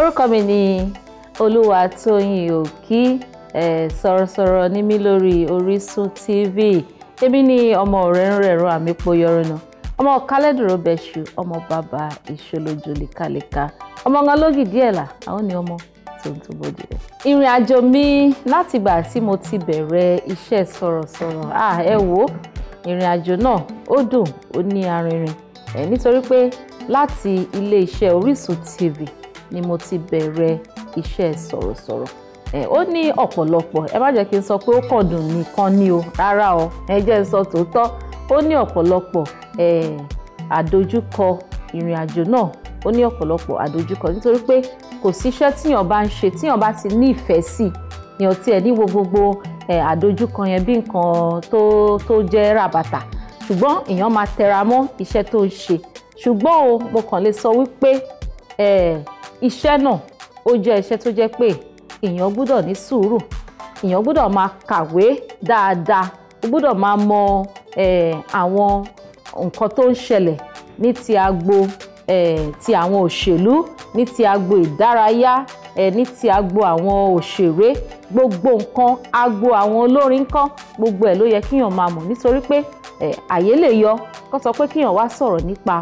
orúkọ mi ni Olúwatóyìn Òkí sọ̀rọ̀sọ̀rọ̀ ní mí lórí Orísun TV èmi ni ọmọ rẹ̀rùnrẹ̀rùn àmìpo yọrùnà ọmọ kálẹ́dùrọ̀ bẹ̀ṣù ọmọ bàbá ìṣolójó lékalèka ọmọ ọ̀gán lógìdí ẹ̀là àwọn ni ọmọ tó ń tó bójú rẹ̀. ìrìn àjò mi látìgbà tí mo ti bẹ̀rẹ̀ iṣẹ́ sọ̀rọ̀sọ̀rọ̀ ah ẹ wo ìrìn àjò náà ó dùn ó ní arinrin ẹ̀ nítorí pé láti ilé iṣẹ́ Orísun TV ni mo ti bẹ̀rẹ̀ iṣẹ́ sọ̀rọ̀sọ̀rọ̀ ẹ ó ní ọ̀pọ̀lọpọ̀ ẹ má jẹ́ kí n sọ pé ó kàn dùn nìkan ni o rárá o ẹ jẹ́ n sọ tòótọ́ ó ní ọ̀pọ̀lọpọ̀ ẹ àdojúkọ ìrìn àjò náà ó ní ọ̀pọ̀lọpọ̀ àdojúkọ nítorí pé kò síṣẹ́ tíyàn bá ń ṣe tíyàn bá ti ní ìfẹ́ sí yàn tiẹ̀ ní wo gbogbo àdojúkọ yẹn bí nǹkan tó tó jẹ́ ràbàtà ṣùgbọ́n èèyàn máa tẹra mọ́ iṣẹ́ tó ń ṣe ṣùgbọ́n o mo kàn lè sọ wípé iṣẹ́ náà ó jẹ́ iṣẹ́ tó jẹ́ pé èèyàn gbọ́dọ̀ ní sùúrù èèyàn gbọ́dọ̀ máa kàwé dáadáa ó gbọ́dọ̀ máa mọ àwọn nǹkan tó ń ṣẹlẹ̀ ní ti agbo ti àwọn òṣèlú ní ti agbo ìdárayá ní ti agbo àwọn òṣèré gbogbo nǹkan agbo àwọn olórin kan gbogbo ẹ̀ ló yẹ kíyàn máa mọ̀ nítorí pé àyè lè yọ kó sọ pé kíyàn wá sọ̀rọ̀ nípa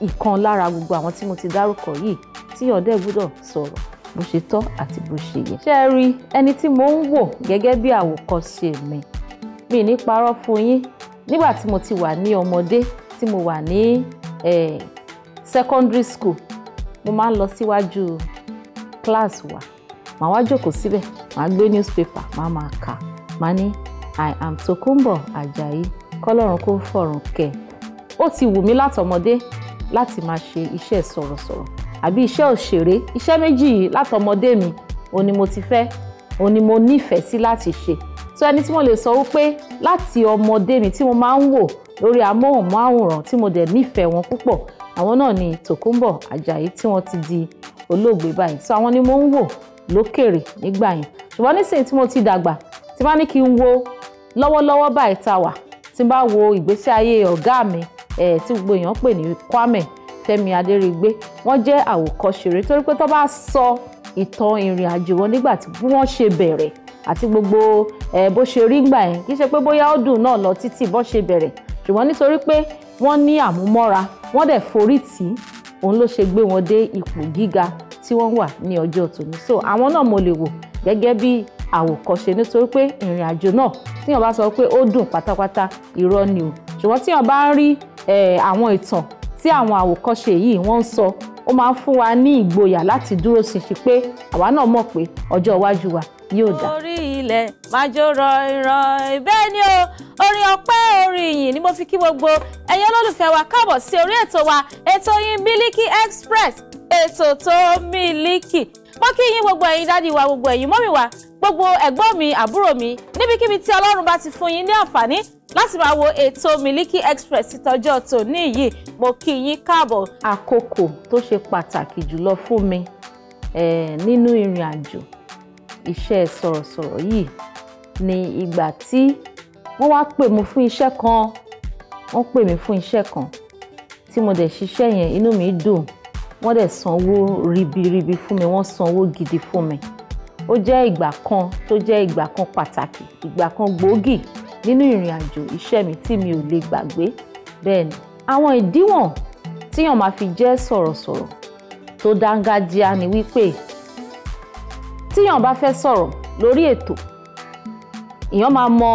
ìkan lára gbogbo àwọn tí mo ti dárúkọ yìí tí ọ̀dẹ́ gbọ́dọ̀ sọ̀rọ̀ bó ṣe tọ́ àti bó ṣe yẹ. ṣé ẹ rí ẹni tí mo ń wò gẹ́gẹ́ bí àwòkọ́ṣe mi mi ní parọ́ fún yín nígbà tí mo ti wà ní ọmọdé tí mo wà ní secondary school mo máa ń lọ síwájú class wa màá wá jókòó síbẹ̀ màá gbé newspaper màá máa kà màá ní I am Tokunbo Ajayi kọ́lọ́run kó fọ̀run kẹ́ ó ti wù mí látọmọdé láti máa ṣe iṣẹ́ sọ̀rọ̀sọ̀rọ̀ àbí iṣẹ́ òṣèré iṣẹ́ méjì yìí látọmọdé mi òun ni mo ti fẹ́ òun ni mo nífẹ̀ẹ́ sí láti ṣe so ẹni tí mo lè sọ wípé láti ọmọdé mi tí mo máa ń wò lórí amóhùnmáwòrán tí mo dẹ̀ nífẹ̀ẹ́ wọn púpọ̀ àwọn náà ni Tòkunbọ̀ Àjàyí tí wọ́n ti di olóògbé báyìí so àwọn ni mo ń wò lókèrè nígbà yẹn ṣùgbọ́n nísìnyí tí mo ti dàgbà tí bá ní kí n wo lọ́wọ́lọ́wọ́ báyìí ta wà tí bá wo ìgbésí ayé ọ̀gá mi tí gbogbo èèyàn pè ní Kwame Fẹ́mi Adérígbé wọ́n jẹ́ àwòkọ́ṣe rere torí pé tó bá sọ ìtàn ìrìn àjò wọn nígbà tí wọ́n ṣe bẹ̀rẹ̀ àti gbogbo bó ṣe rí gbà yẹn kì í ṣe pé bóyá ó dùn náà lọ títí bó ṣe bẹ̀rẹ̀ ṣùgbọ́n nítorí pé wọ́n ní àmúmọ́ra wọ́n dẹ̀ forí tì í òun ló ṣe gbé wọn dé ipò gíga tí wọ́n wà ní ọjọ́ tòní so àwọn náà mo lè wò gẹ́gẹ́ bí àwòkọ́ṣe nítorí pé ìrìn àjò náà tíyàn bá sọ pé ó dùn pátápátá irọ́ ni o ṣùgbọ́n tíyàn bá ń rí Eh, àwọn ìtàn tí àwọn àwòkọ́ṣe yìí wọ́n ń sọ ó máa ń fún wa ní ìgboyà láti dúró ṣinṣin pé àwa náà mọ̀ pé ọjọ́ iwájú wa yóò dá. orí ilẹ̀ máa jó rọ̀ìrọ̀ì bẹ́ẹ̀ ni o orin ọpẹ́ orin ìyìn ni mo fi kí gbogbo ẹ̀yin olólùfẹ́ wa káàbọ̀ sí orí ètò wa ètò yín Miliki Express ètò tó miliki mo kí yín gbogbo ẹ̀yin dádì wa gbogbo ẹ̀yin mọ́mì wa gbogbo ẹ̀gbọ́n mi àbúrò mi níbikíbi tí ọlọ́run bá ti fún yín ní àǹfààní láti máa wo ètò Miliki Express títọ́jọ́ tòní yìí mo kí yín káàbọ̀. àkókò tó ṣe pàtàkì jùlọ fún mi nínú ìrìn àjò iṣẹ́ sọ̀rọ̀sọ̀rọ̀ yìí ni ìgbà tí wọ́n wá pè mí fún iṣẹ́ kan wọ́n pè mí fún iṣẹ́ kan tí mo dẹ̀ ṣiṣẹ́ yẹn inú mi dùn wọ́n dẹ̀ sanwó ribiribi fún mi wọ́n sanwó gidi fún mi ó jẹ́ ìgbà kan tó jẹ́ ìgbà kan pàtàkì ìgbà kan gbòógì nínú ìrìn àjò iṣẹ́ mi tí mi ò lè gbàgbé bẹ́ẹ̀ ni àwọn ìdíwọ̀n tíyàn máa fi jẹ́ sọ̀rọ̀sọ̀rọ̀ tó dángájíá ni wípé tíyàn bá fẹ́ sọ̀rọ̀ lórí ètò èèyàn máa mọ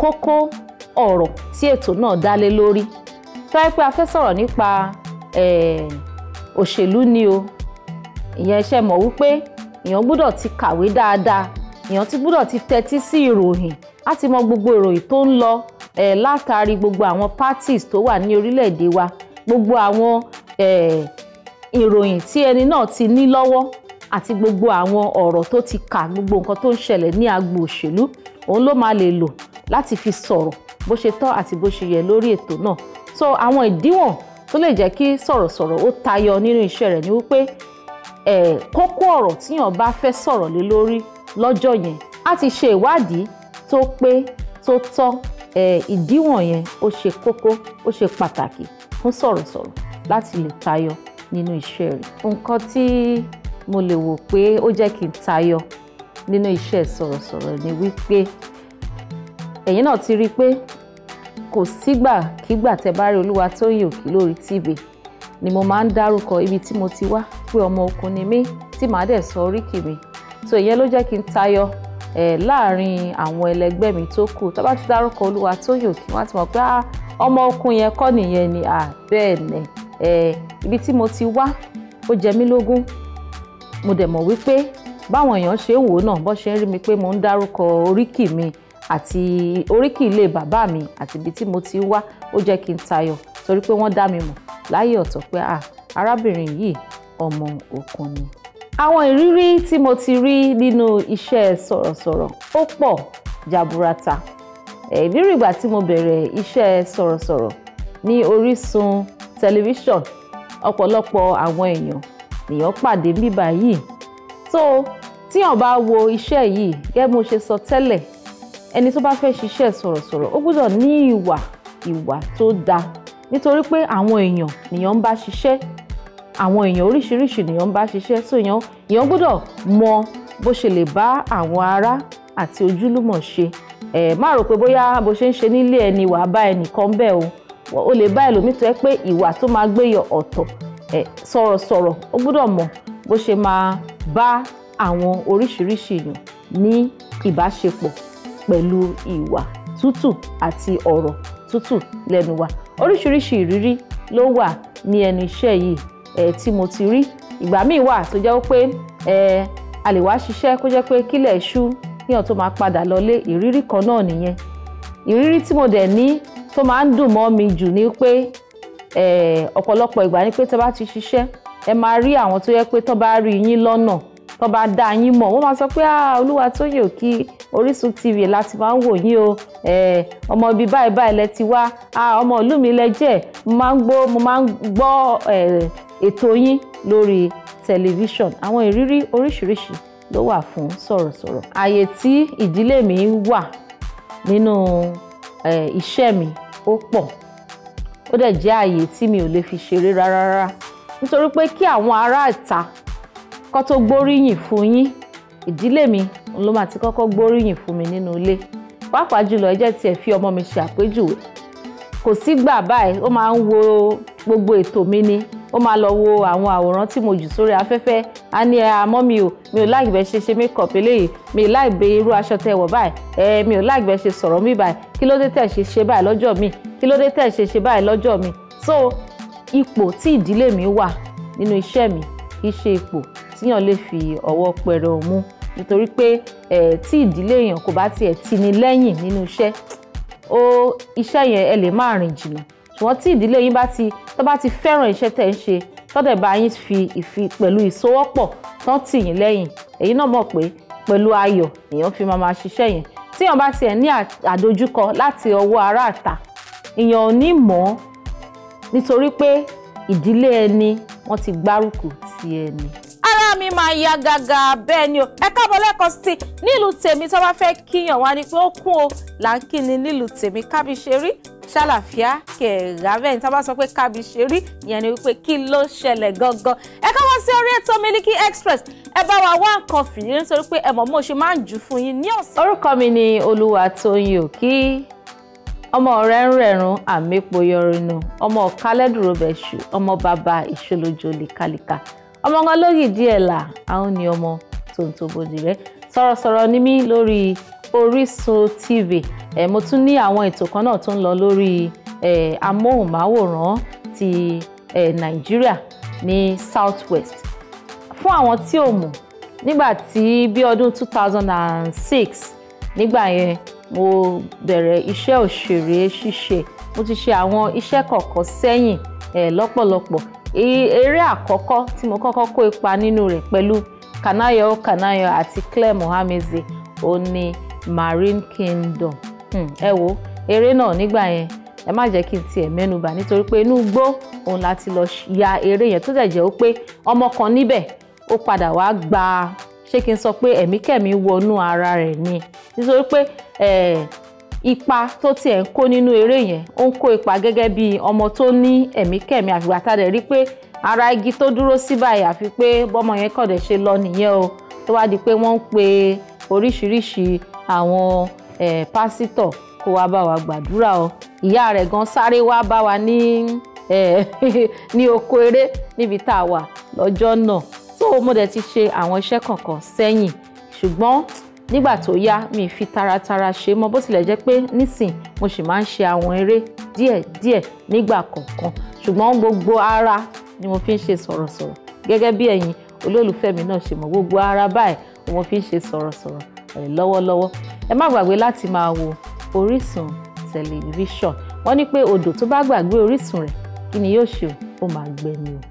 kókó ọ̀rọ̀ tí ètò náà dá lé lórí tó yẹ pé a fẹ́ sọ̀rọ̀ nípa òṣèlú ni o ìyẹn ṣe mọ̀ wípé èèyàn gbúdọ̀ ti kàwé dáadáa èèyàn ti gbúdọ̀ ti tẹ́tí sí ìròyìn láti mọ gbogbo ìròyìn tó ń lọ eh, látàrí gbogbo àwọn parties tó wà ní orílẹ̀-èdè wa gbogbo àwọn ìròyìn eh, tí ẹni náà ti ní lọ́wọ́ àti gbogbo àwọn ọ̀rọ̀ tó ti kà gbogbo nǹkan tó ń ṣẹlẹ̀ ní agbo òṣèlú òun ló máa lè lò láti fi sọ̀rọ̀ bó ṣe tọ́ àti bó ṣe yẹ lórí ètò náà so àwọn ìdíwọ̀n tó lè jẹ́ kí sọ̀rọ̀sọ̀rọ̀ ó tayọ nínú iṣẹ́ rẹ̀ ni wípé kókó ọ̀rọ̀ tíyàn bá fẹ́ sọ̀rọ̀ lé lórí lọ́jọ́ yẹn á ti ṣe ìwádìí tó pé tó tọ́ ìdíwọ̀n yẹn ó ṣe kókó ó ṣe pàtàkì fún sọ̀rọ̀sọ̀rọ̀ láti lè tayọ nínú iṣẹ́ rẹ̀. nǹkan tí mo lè wò pé ó jẹ́ kí n tayọ nínú iṣẹ́ sọ̀rọ̀sọ̀rọ̀ ni wípé ẹ̀yin náà ti rí i pé kò sígbàkígbà tẹ́ bá rí Olúwatóyìn Òkí lórí TV ni mo máa ń dárúkọ ibi tí mo ti wá pé ọmọ okun ni mí tí màá dẹ̀ sọ oríkì mi so ìyẹn ló jẹ́ kí n tayọ ẹ̀ láàrin àwọn ẹlẹgbẹ́ mi tó kù tó ti dárúkọ Olúwatóyìn Òkín wọ́n ti mọ̀ pé ah, ọmọ okun yẹn kọ́ nìyẹn ni bẹ́ẹ̀ ni ibi tí mo ti wá ó jẹ mí lógún mo dẹ̀ mọ̀ wípé báwọn èèyàn ṣe ń wò náà bó ṣe ń rí mi pé mo ń dárúkọ oríkì mi àti oríkì ilé bàbá mi àti ibi tí mo ti wá ó jẹ́ kí n tayọ torí pé wọ́n dá mi mọ̀ láyé ọ̀tọ̀ pé ah, arábìnrin yìí ọmọ òkun ni. àwọn ìrírí tí mo ti rí nínú iṣẹ́ sọ̀rọ̀sọ̀rọ̀ ó pọ̀ jaburata ìrírí ìgbà tí mo bẹ̀rẹ̀ iṣẹ́ sọ̀rọ̀sọ̀rọ̀ ní Orísun tẹlifíṣọ̀n ọ̀pọ̀lọpọ̀ àwọn èèyàn nìyàn pàdé bíbá yìí tó tíyàn bá wo iṣẹ́ yìí gẹ́gẹ́ mo ṣe sọ tẹ́lẹ̀ ẹni tó bá fẹ́ ṣiṣẹ́ sọ̀rọ̀sọ̀rọ̀ ó gbọ́dọ̀ ní ìwà ìwà tó dáa nítorí pé àwọn èèyàn nìyàn ń bá ṣiṣẹ́ àwọn èèyàn oríṣiríṣi nìyàn ń bá ṣiṣẹ́ so èèyàn èèyàn gbọ́dọ̀ mọ bó ṣe lè bá àwọn ará àti ojúlùmọ̀ ṣe ẹ má rò pé bóyá bó ṣe ń ṣe nílé ẹni wàá bá ẹnìkan bẹ́ẹ̀ o o lè bá ẹlòmíì tó yẹ pé ìwà tó máa gbé yọ ọ̀tọ̀ ẹ sọ̀rọ̀sọ̀rọ̀ ó gbọ́dọ̀ mọ bó ṣe máa bá àwọn oríṣiríṣi èèyàn ní ìbáṣepọ̀ pẹ̀lú ìwà tútù àti ọ̀rọ̀ tútù lẹ́nu wa oríṣiríṣi ìrírí ló wà ní ẹnu iṣẹ́ yìí tí mo ti rí ìgbà míì wà tó jẹ́ pé a lè wá ṣiṣẹ́ kó jẹ́ pé kílẹ̀ ṣú kíyàn tó máa padà lọlé ìrírí kan náà nìyẹn ìrírí tí mo dẹ̀ ní tó máa ń dùn mọ́ mi jù ni pé ọ̀pọ̀lọpọ̀ ìgbà ni pé tẹ́ bá ti ṣiṣẹ́ ẹ máa rí àwọn tó yẹ pé tó bá rí yín lọ́nà tó bá dá yín mọ̀ wọ́n máa sọ pé Olúwatóyìn Òkí Orísun TV láti máa ń wò yín o ọmọ ibi báyìí báyìí lẹ ti wá ọmọ ìlú mi lẹ jẹ́ mo máa ń gbọ́ ètò yín lórí tẹlifíṣọ̀n àwọn ìrírí oríṣiríṣi ló wà fún sọ̀rọ̀sọ̀rọ̀ àyè tí ìdílé mi wà nínú iṣẹ́ mi ó pọ̀ ó dẹ̀ jẹ́ àyè tí mi ò lè fi ṣeré rárá nítorí pé kí àwọn ará ìta kó tó gbóríyìn fún yín ìdílé mi ló máa ti kọ́kọ́ gbóríyìn fún mi nínú ilé pàápàá jùlọ ẹ jẹ́ tiẹ̀ fi ọmọ mi ṣe àpèjúwe kò sígbà báyìí ó máa ń wo gbogbo ètò mi ni ó máa lọ wo àwọn àwòrán tí mo jù sórí afẹ́fẹ́ á ní àmọ́ mi ò mi ò láì bẹ́ẹ̀ ṣe ṣe makeup eléyìí mi ò láì bẹ irú aṣọ tẹ wọ̀ báyìí ẹ mi ò láì bẹ́ẹ̀ ṣe sọ̀rọ̀ mi báyìí kí ló dé tẹ̀ ṣe ṣe báyìí lọ́jọ́ mi kí ló dé tẹ̀ ṣe ṣe báyìí lọ́jọ́ mi so ipò tí ìdílé mi wà nínú iṣẹ́ mi kì í ṣe ipò tíyàn lè fi ọwọ́ pẹrẹ mú nítorí pé tí ìdílé èèyàn kò bá tiẹ̀ tì ní lẹ́yìn nínú iṣẹ́ ó iṣẹ́ yẹn ẹ lè má rìn jìnnà ṣùgbọ́n tí ìdílé yín bá ti tó bá ti fẹ́ràn iṣẹ́ tẹ̀ ń ṣe tọ́dẹ̀ bá yín fi ìfi pẹ̀lú ìsowọ́pọ̀ tán tì yín lẹ́yìn èyí náà mọ̀ pé pẹ̀lú ayọ̀ èèyàn fi máa máa ṣiṣẹ́ yẹn tíyàn bá tiẹ̀ ní àdojúkọ láti ọwọ́ ará àta èèyàn ò ní mọ̀ nítorí pé ìdílé ẹni wọ́n ti gbárùkù ti ẹni mi máa ya gàgà bẹ́ẹ̀ ni o ẹ káàbọ̀ lẹ́ẹ̀kan sí nílùú tèmi tó bá fẹ́ kíyàn wá ni pé ó kún o là ń kí ni nílùú tèmi kábí ṣe rí ṣàlàfíà kẹ̀ẹ̀rà bẹ́ẹ̀ ni tá bá sọ pé kábí ṣe rí ìyẹn ni wípé kí ló ṣẹlẹ̀ gangan ẹ káwọ́ sí orí ètò Miliki Express ẹ bá wa wá nǹkan fìdí nítorí pé ẹ mo ṣe máa ń jù fún yín ní ọ̀sán. orúkọ mi ni Olúwatóyìn Òkí ọmọ rẹ̀ ń rẹ̀rùn àmẹ́pọ̀ yọrinu ọmọ ọ̀kálẹ́dùrọ̀bẹ̀ṣù ọmọ bàbá ìṣolójó líkàlíkà ọmọ kan lóyè díẹ̀ là àwọn ni ọmọ tòǹtò bòjì rẹ sọ̀rọ̀sọ̀rọ̀ ni mí lórí Orísun TV ẹ̀ mo tún ní àwọn ètò kan náà tó ń lọ lórí ẹ̀ amóhùnmáwòrán ti ẹ̀ Nàìjíríà ní South West fún àwọn tí ò mọ̀ nígbà tí bí ọdún 2006 nígbà yẹn mo bẹ̀rẹ̀ iṣẹ́ òṣèré ṣíṣe mo ti ṣe àwọn iṣẹ́ kọ̀ọ̀kan sẹ́yìn ẹ̀ lọ́pọ̀lọpọ̀ eré àkọ́kọ́ tí mo kọ́kọ́ kó ipa nínú rẹ̀ pẹ̀lú Kanayo Kanayo àti Claire Mohameze ó ní Marine Kingdom hmm, ẹ wo eré náà nígbà yẹn ẹ má jẹ́ kí n tiẹ̀ mẹ́nuba nítorí pé inú igbó òun la ti lọ ya eré yẹn tó dẹ̀ jẹ́ ó pé ọmọ kan níbẹ̀ ó padà wá gba ṣé kí n sọ pé ẹ̀mí kẹ̀mí wọnú ara rẹ̀ ni nítorí pé ipa tó tiẹ̀ ń kó nínú eré yẹn ó ń kó ipa gẹ́gẹ́ bí ọmọ tó ní ẹ̀mí kẹ̀mí àfìgbà a dẹ̀ rí pé ara igi tó dúró sí báyìí àfi pé bọ́mọ yẹn kọ̀dẹ̀ ṣe lọ nìyẹn o tó wá di pé wọ́n ń pe oríṣiríṣi àwọn pásítọ̀ kó wá bá wa gbàdúrà o ìyá rẹ̀ gan sáré wá bá wa ní ní oko eré níbi tá a wà lọ́jọ́ náà tó mo dẹ̀ ti ṣe àwọn iṣẹ́ kọ̀ọ̀kan sẹ́yìn ṣùgbọ́n nígbà tó yá mi fi taratara ṣe mọ́ bó tilẹ̀ jẹ́ pé nísìn mo sì máa ń ṣe àwọn eré díẹ̀díẹ̀ nígbà kọ̀ọ̀kan ṣùgbọ́n gbogbo ara ni mo fi ń ṣe sọ̀rọ̀sọ̀rọ̀ gẹ́gẹ́ bí ẹ̀yin olólùfẹ́ mi náà ṣe mọ̀ gbogbo ara báyìí ni mo fi ń ṣe sọ̀rọ̀sọ̀rọ̀ lọ́wọ́lọ́wọ́ ẹ má gbàgbé láti máa wo Orísun tẹlifíṣọ̀n wọ́n ní pé odò tó bá gbàgbé orísun rẹ̀ kí ni yóò ṣe ó máa gbẹ o.